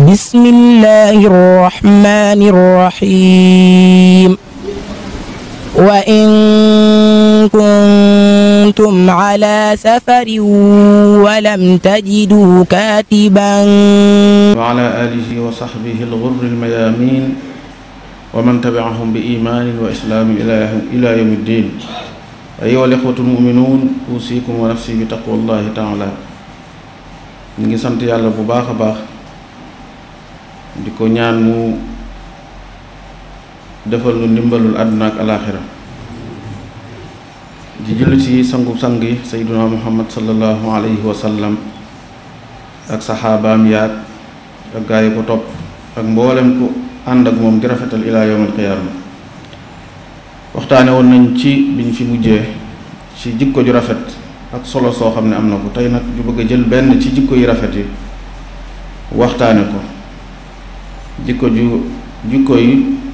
بسم الله الرحمن الرحيم وإن كنتم على سفر ولم تجدوا كاتبا وعلى آله وصحبه الغر الميامين ومن تبعهم بإيمان وإسلام إلى يوم الدين أيها الإخوة المؤمنون أوصيكم ونفسي بتقوى الله تعالى نيجي سنت يالا بو باخا باخ di ko ñaan mu defal nu ndimbalul àdduna ak alaaxira di julli ci sangu sang yi sayyiduna muhammad sallallahu alayhi wa sallam ak saxaabaam yaag ak gaa yi ko topp ak mboolem ku ànd ak moom di rafetal ilaa yawmal qiyaama waxtaane woon nañ ci biñ fi mujjee ci jikko ju rafet ak solo soo xam ne am na ko tey nag ñu bëgg a jël benn ci jikko yi rafet yi waxtaane ko jikko ju jikko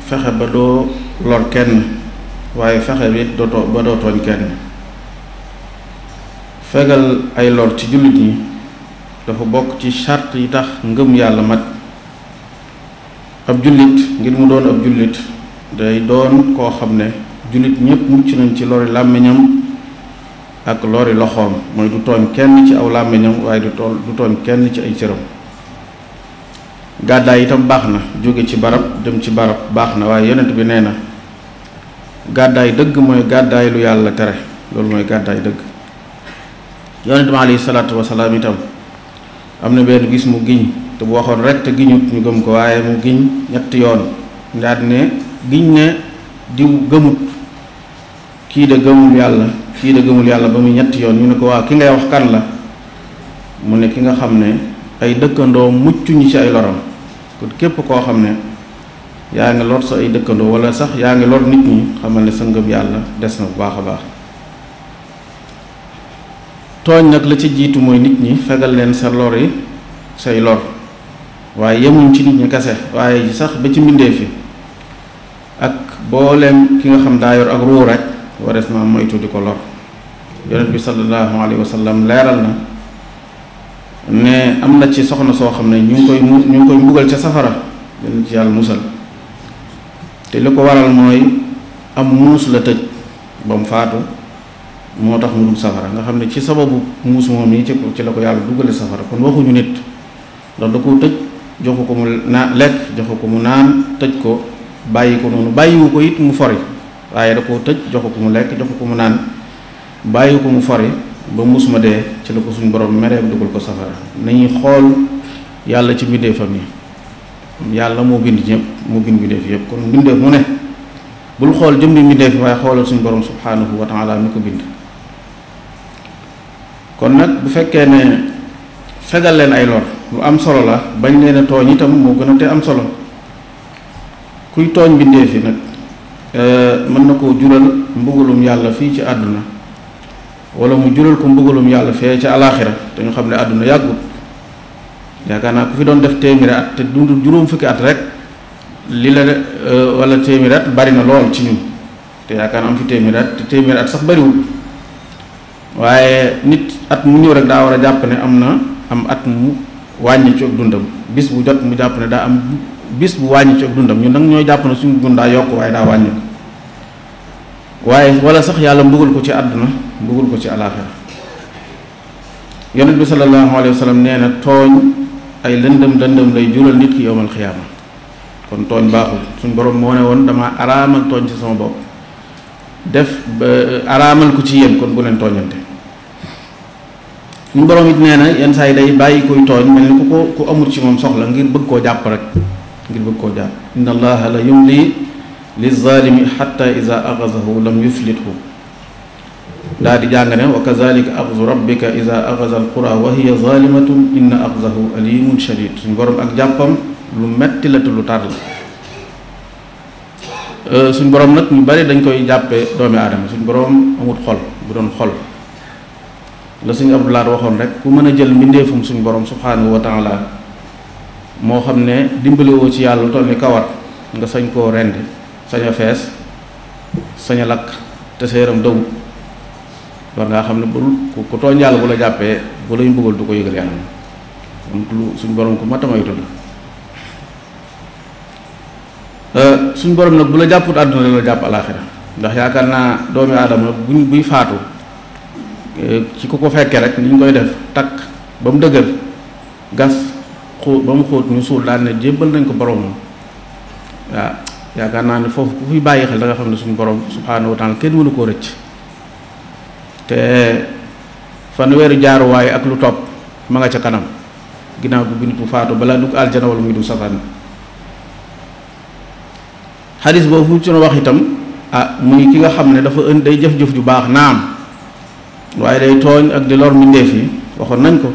fexe ba doo lor kenn waaye fexe bi doo tooñ kenn fegal ay lor ci jullit ñi dafa bokk ci charte yi tax ngëm yàlla mat ab jullit ngir mu doon ab jullit day doon koo xam ne jullit ñépp mucc nañ ci lori làmmiñam ak lori loxoom mooy du tooñ kenn ci aw làmmiñam waaye du tooñ du tooñ kenn ci ay cëram gàddaay itam baax na jóge ci barab dem ci barab baax na waaye yonent bi nee na gàddaay dëgg mooy gàddaay lu yàlla tere loolu mooy gàddaay dëgg yonent bi alayhi salaatu wasalaam itam am na benn gis mu giñ te bu waxoon rek te giñut ñu gëm ko waaye mu giñ ñetti yoon ndaat ne giñ ne diw gëmut kii de gëmul yàlla kii de gëmul yàlla ba muy ñetti yoon ñu ne ko waaw ki ngay wax kan la mu ne ki nga xam ne ay dëkkandoo mucc ñi ci ay loram kon képp koo xam ne yaa ngi lor sa ay dëkkandoo wala sax yaa ngi lor nit ñi xamal ne sa ngëm yàlla des na bu baax a baax tooñ nag la ci jiitu mooy nit ñi fegal leen sa lor yi say lor waaye yemuñ ci nit ñi kase waaye sax ba ci mbindee fi ak booleem ki nga xam daa yor ak rek warees naa moytu di ko lor yonent bi sallallahu alayhi wa sallam leeral na ne am na ci soxna soo xam ne ñu koy mu ñu koy mbugal ca safara dana ci yàlla musal te li ko waral mooy am muus la tëj ba mu faatu moo tax mu dugg safara nga xam ne ci sababu muus moom yi ci ci la ko yàlla duggale safara kon waxuñu nit ndax da ko tëj joxu ko mu naa lekk joxu ko mu naan tëj ko bàyyi ko noonu bàyyiwu ko it mu fori waaye da koo tëj joxu ko mu lekk joxu ko mu naan bàyyi ko mu fori ba musuma dee ci la ko suñu borom meree dugal ko safara nañuy xool yàlla ci mbindeefam yi yàlla moo bind ñëpp moo bind mbindeef yëpp kon mbindeef mu ne bul xool jëmmi mbindeef waaye xoolal suñu borom subhanahu wa taala mi ko bind kon nag bu fekkee ne fegal leen ay lor lu am solo la bañ leen a tooñ itam moo gën a te am solo kuy tooñ mbindeef yi nag eh, mën na koo jural mbugulum yàlla fii ci àdduna wala mu jural ko mbugalum yàlla fee ca alaaxira te xam ne àdduna yàggut yaakaar naa ku fi doon def téeméeri at te dund juróom fukki at rek li la euh, wala téeméeri at bari na lool ci ñun te yaakaar naa am fi téeméeri at te téeméeri sax bariwul waaye nit at mu ñëw rek daa war a jàpp am na am at mu wàññi ci ak dundam bis bu jot mu jàpp ne daa am bis bu wàññi ci ak dundam ñun nag ñooy jàpp ne suñu dund daa yokk waaye daa wàññi waaye wala sax yàlla mbugal ko ci àdduna mbugal ko ci alaaxira yonent bi sallallahu alayhi wa sallam nee na tooñ ay lëndëm lëndëm lay julal nit ki yowmal xiyaama kon tooñ baaxul suñ borom moo ne woon dama araamal tooñ ci sama bopp def ba araamal ko ci yéen kon bu leen tooñante suñ borom it nee na yenn saa yi day bàyyi kuy tooñ mel ni ku ko ku amul ci moom soxla ngir bëgg koo jàpp rek ngir bëgg koo jàpp inna allaha la yumli lizaalimi xatta ida axasahu lam yuflithu daa di jàng ne wa kazalika axzu rabbika ida axasa alqura wa hiya zaalimatun inna axzahu alimun shadid suñ borom ak jàppam lu metti la te lu tar la euh, suñ borom nag ñu bari dañ koy jàppee doomi aadama suñ borom amut xol bu doon xol la suñ laat waxoon rek ku mën a jël mbindeefum suñ borom subhanahu wa moo xam ne dimbalewoo ci yàlla lu toll kawar nga sañ koo rende sañ fees sañ lakk te sa yaram dawut war ngaa xam ne bu ku tooñ yàlla bu la jàppee bu lay mbugal du ko yëgal yàlla kon lu suñ borom ku matamaytu la euh, suñ borom nag bu la jàpput àdduna la jàpp alaaxira ndax yaakaar naa doomi aadama buñ buy faatu euh, ci ku ko fekkee rek ni ñu koy def takk ba mu dëgër gas xóot ba mu xóot ñu suul daal ne jébbal nañ ko boromam waaw yaakaar naa ne foofu ku fi bàyyi xel da nga xam ne suñu borom subhaanahu wa taala kenn mënu koo rëcc te fanweeri jaaruwaay ak lu topp ma nga ca kanam ginnaaw bi bu nit bu faatu balaa dugg aljana wala muy dugg safaan xadis boobu ci wax itam ah muy ki nga xam ne dafa ënd day jëf-jëf ju baax naam waaye day tooñ ak di lor mbindeef yi waxoon nañ ko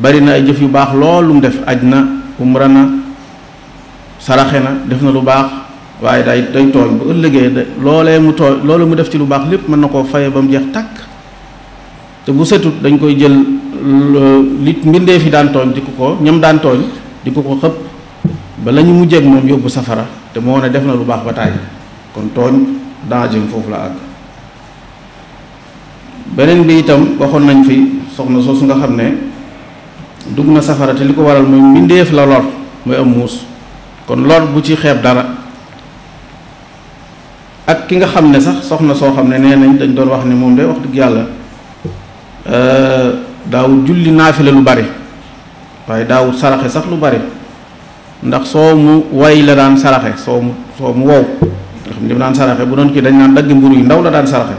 bari na ay jëf yu baax lool lu mu def aj na umra na saraxe na def na lu baax waaye day day tooñ bu ëllëgee de loolee mu tooñ loolu mu def ci lu baax lépp mën na koo faye ba mu jeex tàkk te bu setut dañ koy jël li mbindee fi daan tooñ di ko ko ñam daan tooñ di ko ko xëpp ba la ñu mujjee ak moom yóbbu safara te moo ne def na lu baax ba tàyyi kon tooñ danger foofu la àgg beneen bi itam waxoon nañ fi soxna su nga xam ne dugg na safara te li ko waral mooy mbindeef la lor mooy am muus kon lor bu ci xeeb dara ak ki nga xam ne sax soxna soo xam ne nee nañ dañ doon wax ne moom day wax dëgg yàlla euh, daawul julli naafila lu bari waaye daawul saraxe sax lu bari ndax soo mu way la daan saraxe soo mu soo mu wow nga xam ne daan saraxe bu doon kii dañ naan dagg mburu yu ndaw la daan saraxe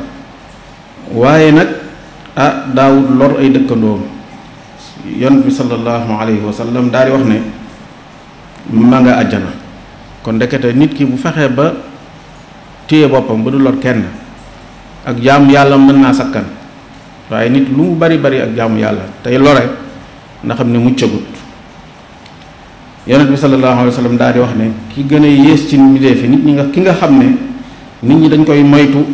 waaye nag ah daawul lor ay dëkkandoom yonent bi sallallahu alayhi wa sallam daal di wax ne ma nga àjjana kon ndekete nit ki bu fexee ba téye boppam ba du lor kenn ak jaamu yàlla mën naa sakkan waaye nit lu mu bari bari ak jaamu yàlla tey lore nga xam ne muccagut yonent bi sallallahu alayhi wa sallam di wax ne ki gën a yées ci mbindeef yi nit ñi nga ki nga xam ne nit ñi dañ koy moytu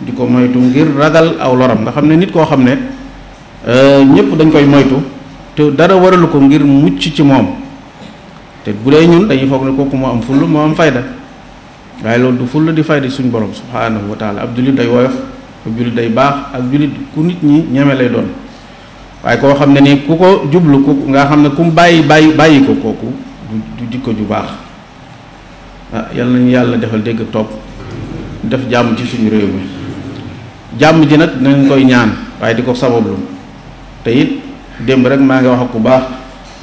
di ko moytu ngir ragal aw loram nga xam ne nit koo xam ne euh, ñëpp dañ koy moytu te dara waralu ko ngir mucc ci moom te bu dee ñun dañuy foog ne kooku moo am full moo am fayda waaye loolu du fulla di faydi suñ borom subhaanahu wa taala ab jullit day woyof ab jullit day baax ak jullit ku nit ñi ñeme lay doon waaye koo xam ne ni ku ko jublu ku nga xam ne ku mu bàyyi bàyyi bàyyi ko kooku du ko ju baax ah yal nañu yàlla defal dégg topp def jàmm ci suñu réew mi jàmm ji nag nañ koy ñaan waaye di ko sabablu te it démb rek maa ngi wax ak ku baax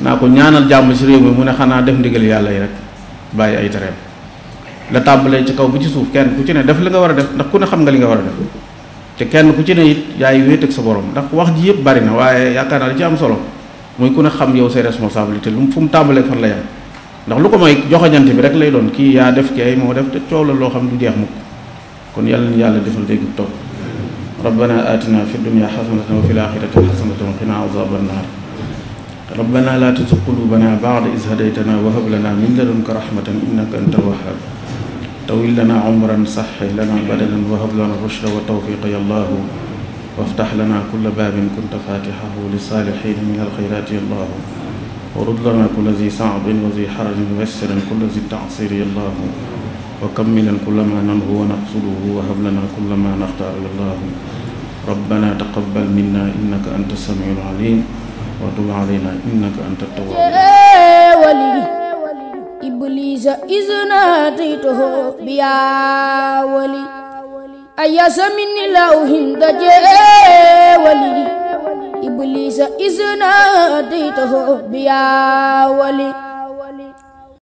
naa ko ñaanal jàmm ci réew mi mu ne xanaa def ndigal yàlla yi rek bàyyi ay tereem la tàmbalee ci kaw bi ci suuf kenn ku ci ne def li nga war a def ndax ku ne xam nga li nga war a def te kenn ku ci ne it yaay wéet ak sa boroom ndax wax ji yëpp bari na waaye yaakaar naa li ci am solo mooy ku ne xam yow say responsabilité lu mu fu mu tàmbalee fan la yam ndax lu ko mooy joxañante bi rek lay doon kii yaa def kii moo def te coow la loo xam du jeex mukk kon yàlla na yàlla defal dégg topp rabbana atina fi dunya xasanatan wa fil axirati xasanatan wa qina azaban naar rabbana la tuzig qulubana ba'da iz hadaytana wa hab lana min ladunka rahmatan innaka antal wahhab tawil lana umran saxi lana badanan wahab lana rushda wa tawfiqa ya allahu waftax lana kulla baabin kunta fatixahu li saalixiina min alxayraati ya allahu warud lana kulla zi saabin wa zi xarajin waysiran kulla zi taasiri ya allahu wa kammilan kulla ma nanhu wa naqsuduhu wahab lana kulla ma naxtaaru ya allahu rabbana taqabbal minna innaka anta samiul alim wa tub alayna innaka anta tawwab إذ ناديته بيا ولي أياس من لوح دجا ولي إبليس إذ ناديته بيا ولي